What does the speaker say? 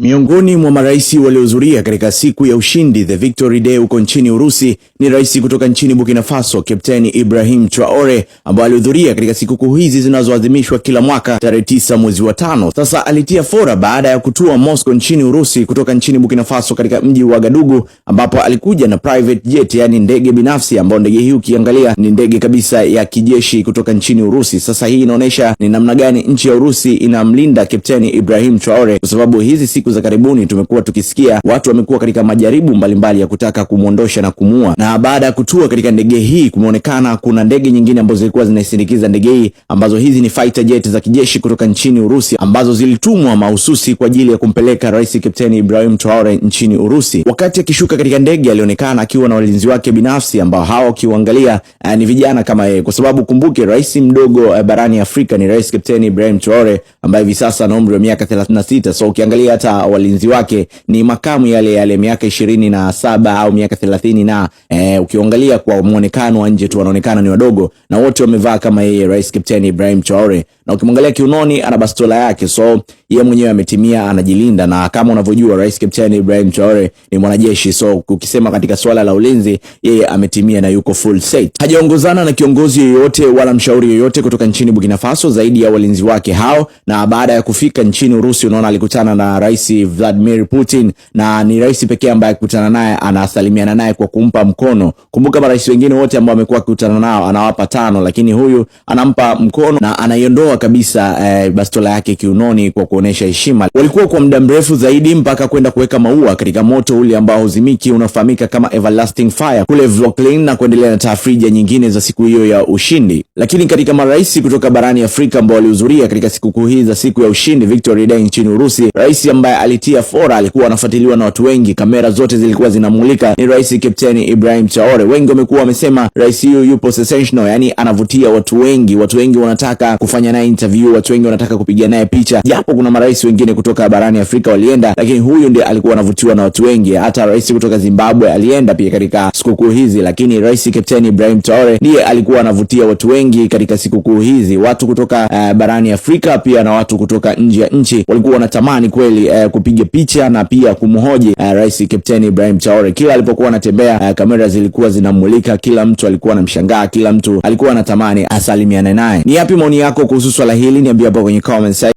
Miongoni mwa marais waliohudhuria katika siku ya ushindi the Victory Day huko nchini Urusi ni rais kutoka nchini Burkina Faso Kapteni Ibrahim Traore ambaye alihudhuria katika sikukuu hizi zinazoadhimishwa kila mwaka tarehe tisa mwezi wa tano. Sasa alitia fora baada ya kutua Moscow nchini Urusi kutoka nchini Burkina Faso katika mji wa Gadugu ambapo alikuja na private jet, yaani ndege binafsi ambayo ndege hii ukiangalia ni ndege kabisa ya kijeshi kutoka nchini Urusi. Sasa hii inaonyesha ni namna gani nchi ya Urusi inamlinda Kapteni Ibrahim Traore kwa sababu hizi siku siku za karibuni tumekuwa tukisikia watu wamekuwa katika majaribu mbalimbali ya kutaka kumwondosha na kumua, na baada ya kutua katika ndege hii kumeonekana kuna ndege nyingine ambazo zilikuwa zinaisindikiza ndege hii ambazo hizi ni fighter jet za kijeshi kutoka nchini Urusi ambazo zilitumwa mahususi kwa ajili ya kumpeleka Rais Kapteni Ibrahim Traore nchini Urusi. Wakati akishuka katika ndege alionekana akiwa na walinzi wake binafsi ambao hao eh, ni vijana kama yeye, kwa sababu kumbuke, rais mdogo eh, barani Afrika ni Rais Kapteni Ibrahim Traore ambaye hivi sasa ana umri wa miaka 36. So ukiangalia hata walinzi wake ni makamu yale yale miaka ishirini na saba au miaka thelathini na e, ukiangalia kwa mwonekano wa nje tu wanaonekana ni wadogo na wote wamevaa kama yeye Rais Kapteni Ibrahim Traore na ukimwangalia kiunoni ana bastola yake, so yeye mwenyewe ametimia, anajilinda. Na kama unavyojua rais Captain Ibrahim Traore ni mwanajeshi, so ukisema katika swala la ulinzi, yeye ametimia na yuko full set. Hajaongozana na kiongozi yoyote wala mshauri yoyote kutoka nchini Burkina Faso zaidi ya walinzi wake hao. Na baada ya kufika nchini Urusi, unaona alikutana na rais Vladimir Putin, na ni rais pekee ambaye akikutana naye anasalimiana naye kwa kumpa mkono. Kumbuka marais wengine wote ambao amekuwa akikutana nao anawapa tano, lakini huyu anampa mkono na anaiondoa kabisa eh, bastola yake kiunoni kwa kuonesha heshima. Walikuwa kwa muda mrefu zaidi mpaka kwenda kuweka maua katika moto ule ambao uzimiki unaofahamika kama Everlasting Fire kule Vloklin na kuendelea na tafrija nyingine za siku hiyo ya ushindi. Lakini katika marais kutoka barani Afrika ambao walihudhuria katika sikukuu hii za siku ya ushindi Victory Day nchini Urusi, rais ambaye alitia fora alikuwa anafuatiliwa na watu wengi, kamera zote zilikuwa zinamulika, ni rais Kapteni Ibrahim Traore. Wengi wamekuwa wamesema rais huyu yupo sensational, yani anavutia watu wengi, watu wengi wanataka kufanya naye interview, watu wengi wanataka kupiga naye picha, japo kuna marais wengine kutoka barani Afrika walienda, lakini huyu ndiye alikuwa anavutiwa na watu wengi. Hata rais kutoka Zimbabwe alienda pia katika sikukuu hizi, lakini rais Captain Ibrahim Traore ndiye alikuwa anavutia watu wengi katika sikukuu hizi. Watu kutoka uh, barani Afrika pia na watu kutoka nje ya nchi walikuwa wanatamani kweli uh, kupiga picha na pia kumhoji uh, rais Captain Ibrahim Traore. Kila alipokuwa anatembea uh, kamera zilikuwa zinamulika, kila mtu alikuwa anamshangaa, kila mtu alikuwa anatamani asalimiane naye. Ni yapi maoni yako kuhusu swala hili? Niambia hapo kwenye comment section.